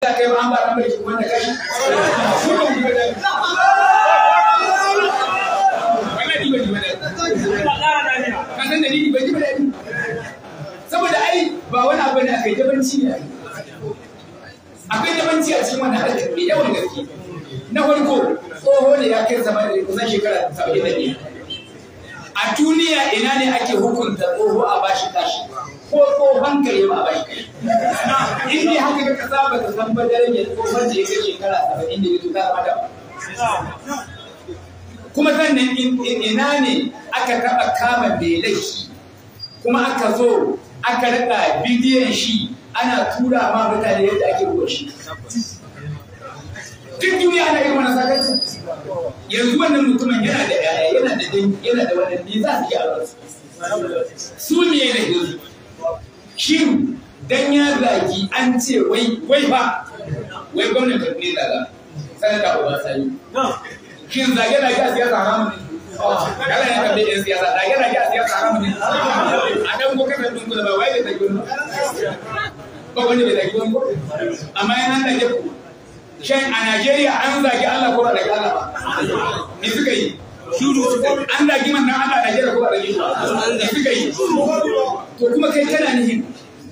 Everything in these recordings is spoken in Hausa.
da an ba ka ni saboda ai ba wani abu ne akai dabanci ne akai dabanci a cikin wani hadari ne yawan gaske na farko tsoho ne ya kai zama da kusan shekara 70 a duniya ina ne ake hukunta tsoho a bashi tashi ko tsohon gare ma a bashi in ka kasa ba ka san ba darajar tsohon da ya kai shekara saba'in da ya tuka adam kuma sannan ina ne aka taɓa kama belai kuma aka zo aka riƙa bidiyon shi ana tura ma mutane yadda ake ruwa shi duk duniya ana irin wani sakarci yanzu wannan mutumin yana da yaya yana da yana da wannan za su yi a su me ne yanzu shiru dan ya zagi an ce wai wai ba wai gwamnati ta ne zaga sanata uba sani Kin zage zage a siyasa haramun ne kala ne kan dai siyasa zage zage a siyasa haramun ne a dan ko kasan dun kula ba wai bai zage wani ba wani bai zage wani amma yana zage ku shan a Najeriya an zage Allah ko ba zage Allah ba me suka yi shuru an zage man nan Allah Najeriya ko ba zage shi ba me suka yi to kuma kai kana nihin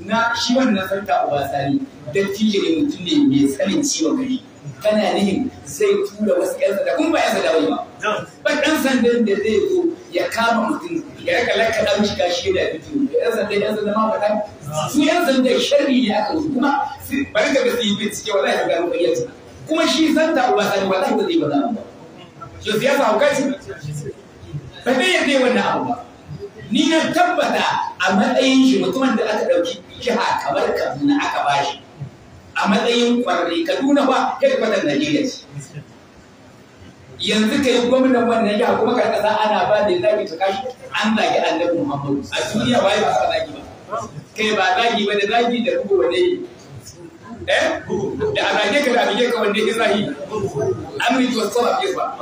na shi wannan sarka uba sani dattijo ne mutum ne mai tsanin ciwon kai kana nihin zai tura wasu ƴan sanda kuma ba ƴan sanda ba ba ɗan sandan da zai zo ya kama mutum ya raka lakaɗa mishi gashi da fito ƴan sanda ƴan sanda ma faɗa su ƴan sanda sharri ne aka wuce kuma bari ka basu yi cike, wala ya gano ƙaryarsa kuma shi santa uba sani wala ba zai ba za ba. Yau siyasa hauka ce? Ba zai yadda wannan abu ba. ni na tabbata a matsayin shi mutumin da aka ɗauki jiha kamar kaduna aka bashi a matsayin kwarri kaduna ba hedkwatar najeriya ce yanzu ka yi gwamnan wannan jiha kuma ka kasa ana ba da zaɓi ta kashi an zagi annabi muhammadu a duniya ba ba zagi ba kai ba zagi ba da zagi da kuma wanda yi eh da a zage ka da a zage ka wanda ya zahi amri to sala ke ba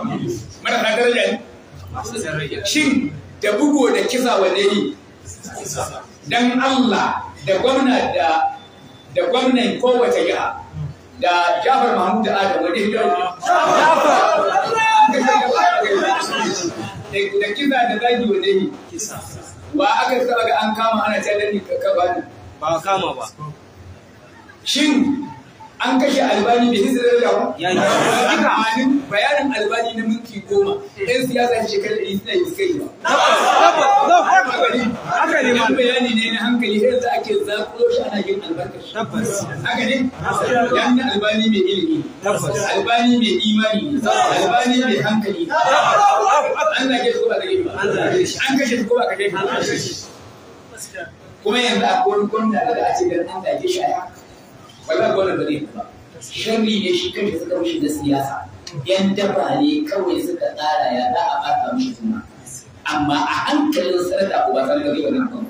mana ta daraja ne shin da bugu da kisa wane yi dan Allah da gwamna da da gwamnan kowace jiha da Jafar Mahmud Adam wani da kisa da zagi wane yi ba aka saba ga an kama ana tare da ka ba ba kama ba shin an kashe albani bai hisirar da Ya ba bayanin bayanin albani na minti goma ɗan siyasa shi shekarar ɗari suna yi kai ba haka ne ma bayani ne na hankali sai yanzu ake zakulo shi ana yin albarkashi tabbas haka ne yan albani mai ilimi albani mai imani albani mai hankali an zage shi ko ba zage ba an kashe shi ko ba kashe ba kuma yanzu a wani gwamna da a ce da an zage shi a haka wallahi wannan ba zai ba sharri ne shi kanshi suka mishi na siyasa yan daba ne kawai suka tsara ya za a ɓata mishi suna amma a hankalin sarda uba sarda zai wannan kan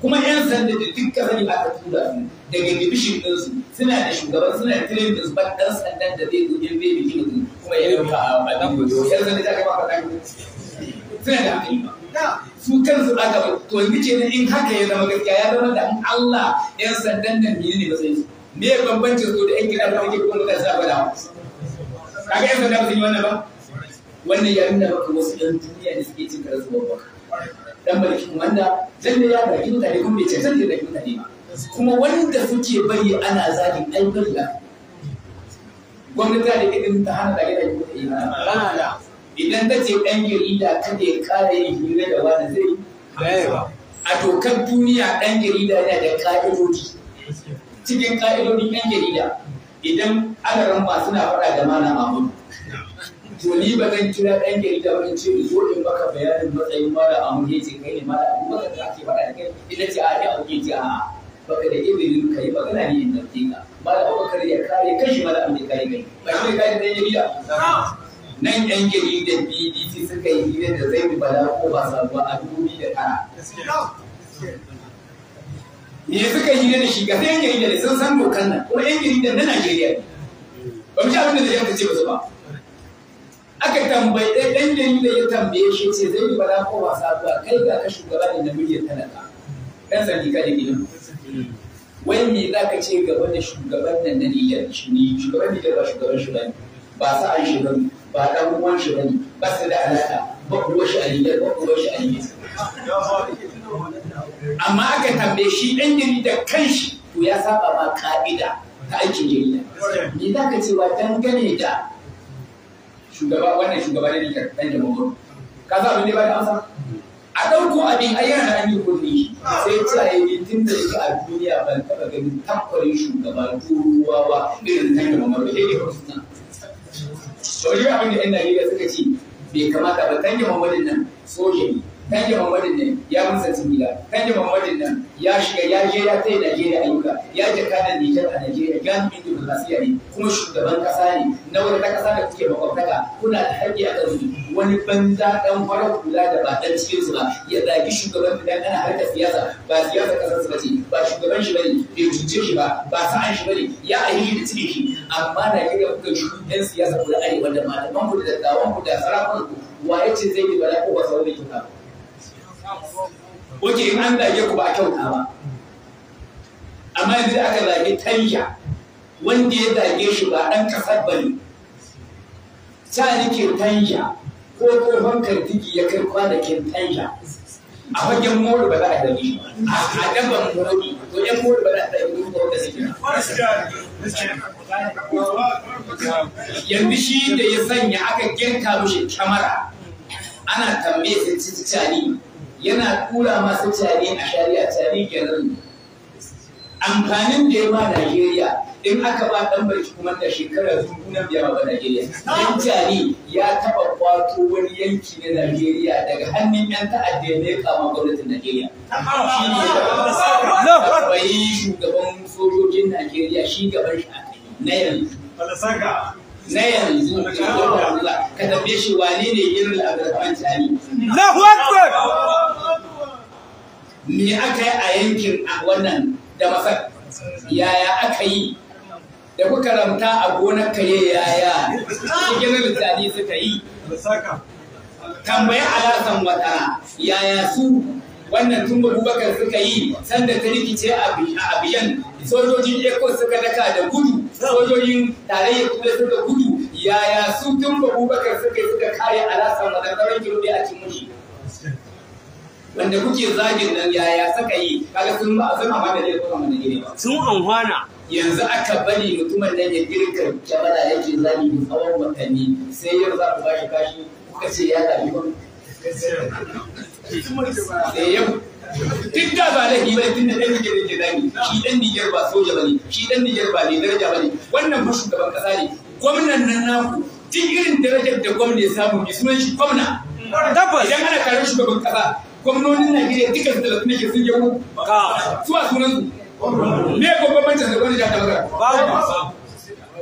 kuma yan sanda da duk kasani aka tura su daga division ɗinsu suna da shugaban suna da tirin ɗinsu ba ɗan sandan da zai zo yan zai kuma ya yi ba a ɓatan yan sanda ta kai ma ɓatan suna da aƙida su kansu aka to nike ne in haka ya zama gaskiya ya zama da Allah yan sandan nan ne ne matsayin su me ya bambancin su da yan kiɗa da ake kuma da zaba da kaga yan sanda ba su yi wannan ba wannan ya nuna maka wasu yan duniya da suke cin karar zuwa ba dan mulkin wanda zan da ya baki mutane kuma bai cancan da baki mutane kuma wanda suke bari ana zagi ai bari gwamnati da irin ta hana da gidan kuɗi ba idan ta ce ɗan jarida kada ya ƙara yin hira da wani zai a tokar duniya ɗan jarida yana da ƙa'idodi cikin ƙa'idodin ɗan jarida idan ana ramba suna faɗa da mana mahmud to ni ba zan kira ɗan jarida ba ce zo in baka bayanin matsayin mara amur ya ce kai ne mara amur ba da ake faɗa da kai idan ce a ne a ce a baka da yi kai ba na ne in dauke ka mara abubakar ya kare kashi mara amur ya kare kai ba shi ne kare ɗan jarida nan yan da bbc suka yi hira da zai bala ko ba sabuwa a dubu da tara me suka hira da shi ga sai yan jaridar da sun san dokan nan kuma yan da na najeriya ne ba mu ci abin da zai yanka ce ba su ba aka tambayi ɗan ɗan da ya tambaye shi ce zai yi bala ko ba sabuwa kai ga ka shugaba da miliyan talaka ɗan sani ka da gidan wai me za ka ce gaba da shugaban nan na niyyar shi ne shugaban niyyar ba shugaban shugaban ba sa an ba ɗan uwan shi bane ba su da alaƙa ba uwar shi a Niger ba uwar shi a Niger amma aka tambaye shi ɗan jarida kanshi to ya saba ma ka'ida ta aikin jarida me za ka cewa dangane da shugaba wannan shugaba da Niger ɗan jamhur ka za abin ne ba da amsa a ɗauko abin ayyana an yi kuɗi sai ta yi tun da yake a duniya ban taɓa ganin takwarin shugaba ruwa ba irin nan da mamar da ya yi shori abin da 'yan Najeriya suka ce bai kamata ba kan yi mamadin nan soja ne kan yi mamadin nan ya musa simila kan yi mamadin nan ya shiga ya je ya yi Najeriya ayyuka ya je kada Nijar a Najeriya ya nufin dimokuraɗiyya ne kuma shugaban kasa ne na wata kasa da kuke makwabtaka kuna da haƙƙi a wani banza dan fara kula da ba ɗan cikin su ba ya zagi shugaban fitan ana harkar siyasa ba siyasa ƙasar su ba ce ba shugaban shi ba bai cuce shi ba ba sa'an shi ba ya ayyuka da cikin amma Najeriya kuka shi ɗan siyasa ko da arewa da malaman ku da dattawan ku da sarakun ku waye ce zai yi bala ko ba sauran ki ba Oke an zage ku ba kyauta ba amma yanzu aka zage tanya wanda ya zage shi ba ɗan kasar ne. sa nake tanya ko tsohon digi ya kai kwanakin tanya a fagen mori ba za a gani a gaban mori to yan mori ba za a gani ko da ba. yanzu shi da ya sanya aka girka mushi kyamara ana tambaye su cani yana kura masu cani a shari'a cani kenan amfanin da ya ba Najeriya in aka ba dan barci kuma da shekara dubu na biya ba Najeriya dan cani ya taba kwato wani yanki na Najeriya daga hannun yan ta'adda ne kama gwamnatin Najeriya shi ne shugaban sojojin Najeriya shi gaban shi na yanzu na yanzu ka tambaye shi wane ne irin abdurrahman tani Allahu akbar me aka yi a yankin wannan da masar yaya aka yi da kuka ramta a gonar kaye yaya cikin litani suka yi Tambayi alasan wata yaya su wannan tun abubakar suka yi sanda ta rikice a abiyan sojojin eko suka daka da gudu sojojin tarayyar kuma suka gudu yaya su tun abubakar suka yi suka kare alasan madadarar kirbe a cimuni wanda kuke zagin nan yaya suka yi kaga sun ba sun amma da dai kuma da gine ba sun anhwana yanzu aka bari mutumin nan ya girka jama'a yake zagi tsawon watanni sai yau za ku bashi kashi kuka ce ya dami ba Eh, yau duk da ba da hibar tun da ɗan Nijar yake zami shi ɗan Nijar ba soja ba ne shi ɗan Nijar ba ne daraja ba ne wannan ba shugaban ƙasa ne gwamnan nan naku duk irin darajar da gwamna ya samu bi sunan shi gwamna idan ana karin shugaban ƙasa gwamnonin Najeriya duka su talatin da ke sun Su suwa sunan su me ko bambancin da gwamnati ta tabbata ba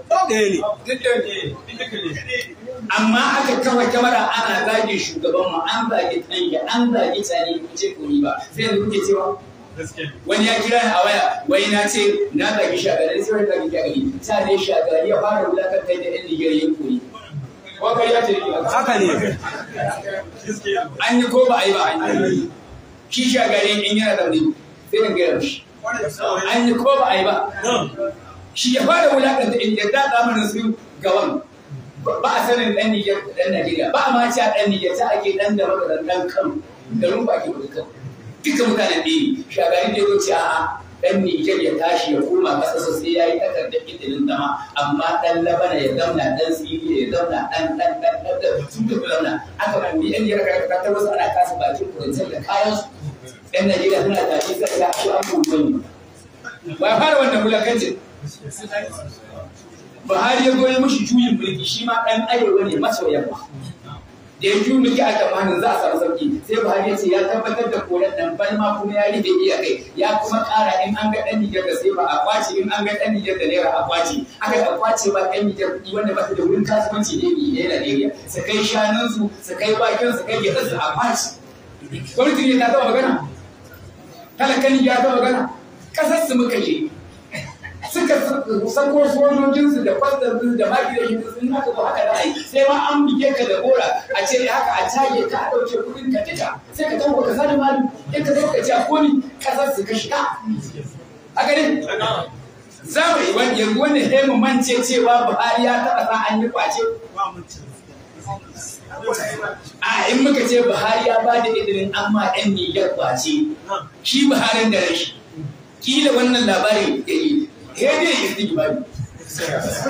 ba ɗaya ba. amma aka kawai kamar ana zagin shugabanmu an zagi tange an zagi tsari ku ce yi ba sai yanzu kuke cewa wani ya kira a waya wai na ce na zagi shagari sai wani zagi shagari ta ne shagari ya fara wulakar kai da yan nigeria ya koyi wakar ya ce haka ne an yi ko ba a yi ba shi shagari in yana da wani sai na gaya shi an yi ko ba a yi ba shi ya fara wulakar da yan nigeria da su gaban ba a sanin ɗan Niger da ɗan Najeriya ba a ma ci a ɗan Niger ta ake ɗan da maka ɗan Kano garin baki wani Kano dukkan mutanen ɗaya ne shagari da yau a'a ɗan Niger ya tashi ya koma ƙasarsa sai ya yi takardar idilin zama amma ɗan Labana ya zauna ɗan Siriya ya zauna ɗan ɗan ɗan ɗan ɗan sun tafi zauna aka ba mi ɗan Niger ka ta wasu ana kasa bakin kurancen da kayan su ɗan Najeriya suna tashi sai ya ko an gobe ba fara wannan mulakancin Buhari ya goyi mashi juyin mulki shi ma ɗan arewa ne maso yamma. Da ya juyin mulki a tamanin za a samu sauƙi. sai Buhari ya ce ya tabbatar da koren nan balma kuma ya rufe iya kai ya kuma ƙara in an ga ɗan Nijar da sai ba a kwace in an ga ɗan Nijar da naira a kwace aka ga kwace ba ɗan Nijar kuɗi wanda ba da wurin kasuwanci ne ne na Najeriya su kai shanunsu su kai bakin su kai gyaɗa a kwace. Gwamnati ne ta taɓa magana. Talakani ya taɓa magana. Ƙasar su muka je. Suka su wani sojojinsu da kwastarsu da magidansu sun haka ko haka da sai ma an bige ka da gora a ce haka a caje ka a ɗauke kuɗin ka jika sai ka tauka ka sani malu in ka tauka ce a koli kasar su ka shiga A ne za mu yi wani yanzu wani hemu mance cewa buhari ya taɓa sa an yi kwace a in muka ce buhari ya ba da idirin amma ɗan ne ya kwace shi buharin da rashi kila wannan labarin ya yi ya ya yi gibari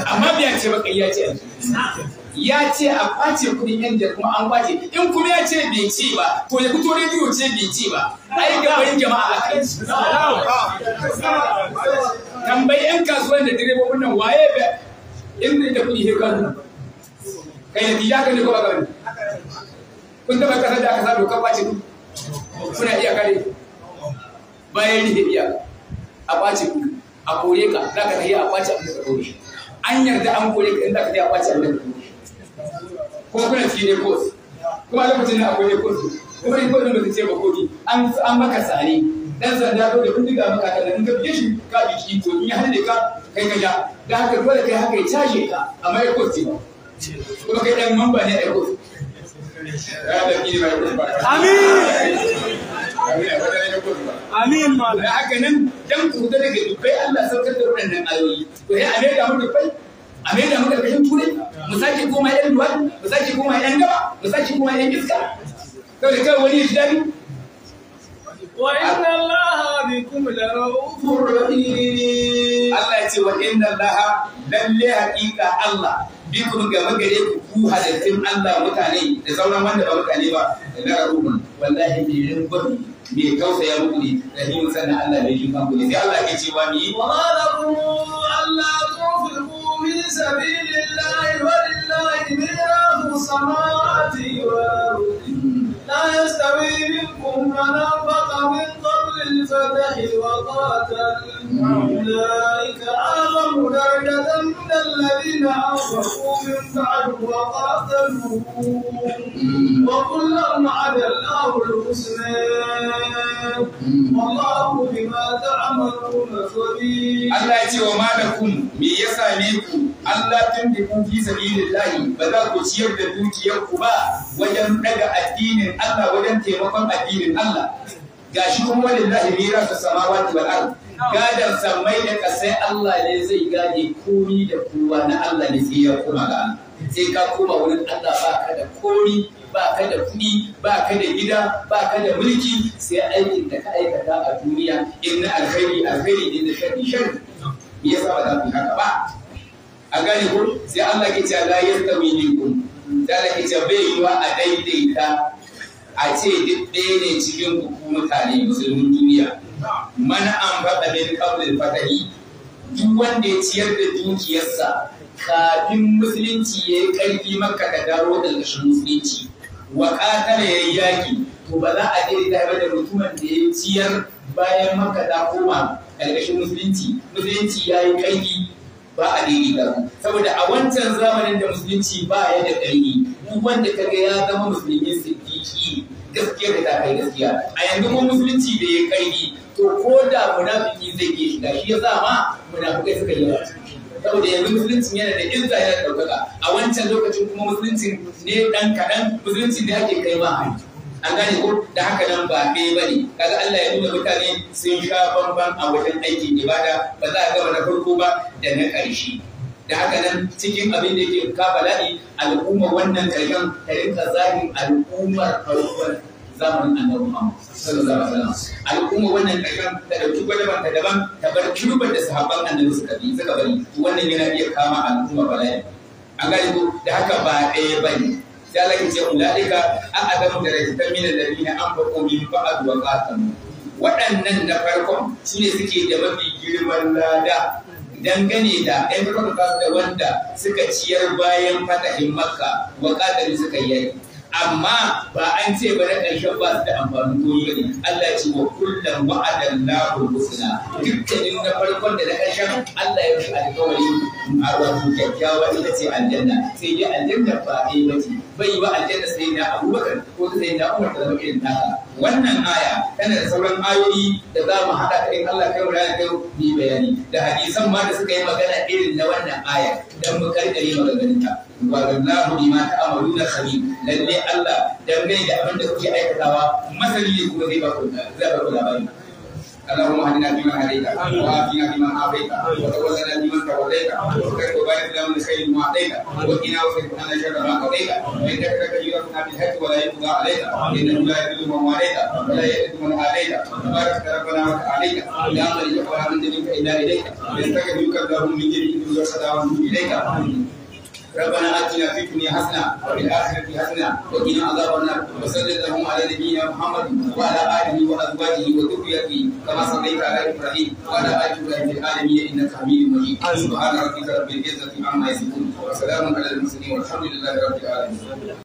amma me ya ce maka ya ce ya ce a kwace kudin yan da kuma an kwace in kuma ya ce bai ce ba to ya fito rediyo ce bai ce ba ai gabarin jama'a a kai tambayi yan kasuwan da direbobin nan waye ba in da kudi he kan kai da biya kan ne ko ba kun taba kasar da aka sa dokar kwace kudi kuna iya kare bayan rihe iya a kwace kudi a kore ka za ka tafiya a kwace abin da ka kore an yarda an kore ka inda za ka tafiya a kwace abin da ka kore kuma kuna cikin ne kos kuma lokacin da akwai ne kos kuma ne kos ba ta ce ba kodi an maka sare dan sanda ko da diga maka kan dan ka biye shi ka bi ki to in ya hade ka kai ka ja da haka dole kai haka ya tashi ka amma ya kos ba kuma kai dan mamba ne a kos Amin. amin malam haka nan dan ku da daga dubbai Allah saukar da wannan ayoyi to sai a ne da mu dubbai a ne da mu da bayan turai mu sake koma yan duwan mu sake koma yan gaba mu sake koma yan iska to da kai wani shi dani wa inna allaha bikum la raufur rahim Allah ya ce wa inna allaha lalle haqiqa Allah bikum gaba gare ku ku halittun Allah mutane da sauran wanda ba mutane ba da na rahum wallahi bi rin mai tausaya muku ne rahimin sannan Allah mai jin kanku ne sai Allah ke cewa ni wa ma lakum alla tunfiqu fi sabilillahi wa lillahi mirahu samawati wal ardi hmm. la yastawi minkum man anfaqa min الفتح وقاتل أولئك أعظم درجة من الذين أنفقوا من بعد وقاتلوا وكلا عد الله الحسنى والله بما تعملون خبير الله يجي وما لكم من يساميكم Allah tun da kun fi sabilillahi ba za ku ciyar da dukiyarku ba wajen daga addinin Allah wajen taimakon addinin Allah gashi kuma lillahi mirasu samawati wal ard gadan samai da kasai Allah ne zai gade komi da kowa na Allah ne sai ya kuma ga sai ka kuma wurin Allah ba ka da komi ba ka da kuɗi ba ka da gida ba ka da mulki sai aikin da ka aikata a duniya inna alkhairi alkhairi inna sharri sharri me yasa ba za ku haka ba a gani ko sai Allah ke ce la yastawi minkum da ke ce bai yiwa a daidaita a ce duk ɗaya ne cikin ku mutane musulmin duniya mana an faɗa min qablil fatahi duk wanda ya ciyar da dukiyarsa kafin musulunci ya yi ƙarfi maka da dawo da ƙashin musulunci wa ƙatala ya yi yaƙi to ba za a je da haifar da mutumin da ya ciyar bayan maka ta koma ƙarƙashin musulunci musulunci ya yi ƙarfi ba a daidai ba saboda a wancan zamanin da musulunci ba ya da ƙarfi duk wanda ta ga ya zama musulmin siddiƙi gaskiya da ta kai gaskiya a yanzu mun musulunci da ya karbi to ko da munafiki zai iya shiga shi yasa ma munafikai suka yi wasu saboda yanzu musuluncin yana da izza yana ɗaukaka a wancan lokacin kuma musuluncin ne ɗan kaɗan musuluncin da ake kai ma hari an gane ko da haka nan ba ɗaya ba ne kaga Allah ya nuna mutane sun sha bamban a wajen aikin ibada ba za a gama na farko ba da na ƙarshe da haka nan cikin abin da ke ka bala'i al'ummar wannan karyan ta rinka zagin al'ummar farkon zamanin annabi Muhammad sallallahu alaihi wasallam wannan karyan ta dauki gwadaban ta daban ta bar kirban da sahabban annabi suka bi suka bari wannan yana iya kama al'ummar bala'i an gane ko da haka ba ɗaya bane sai Allah ya ce ulaika an adamu da rajatan min an anfaqu min ba'd wa qatamu waɗannan na farkon su ne suke da mafi girman lada dangane da ɗan da wanda suka ciyar bayan fatahin makka wa suka yi amma ba an ce ba na ƙarshen ba su da amfani ko ne Allah ce wa kullum wa'adan lahu husna dukkanin na farkon da na ƙarshen Allah ya fi alƙawari a wato kyakkyawa ita ce aljanna sai dai aljanna ba ɗaya ba ce bai yi ba aljanna sai da abubakar ko sai da umar da zama irin ta wannan aya tana da sauran ayoyi da za mu haɗa in Allah kai mu rana kai ni bayani da hadisan ma da suka yi magana irin na wannan aya dan mu karkare ta wa lillahi bima ta'maluna khabir lalle Allah dangane da abin da kuke aikatawa masani ne kuma zai ba ku labari اللهم اهدنا فيمن هديت وعافنا فيمن عافيت وتولنا فيمن توليت وكرم بارك لنا من خير ما اعطيت وقنا واصرف عنا شر ما قضيت انك لك يرفعنا بالحق ولا يقضى علينا انه لا يذل من واليت ولا يئس من اليت تبارك ربنا وتعاليت لا ملجا ولا منزل الا اليك نستغفرك اللهم من جميع ذنوبنا وسدى اليك ربنا اتنا في الدنيا حسنه وفي الاخره حسنه وقنا عذاب النار وصل اللهم على نبينا محمد وعلى اله وازواجه وذريته كما صليت على ابراهيم وعلى ال ابراهيم في العالمين انك حميد مجيد سبحان ربك رب العزه عما يصفون وسلام على المرسلين والحمد لله رب العالمين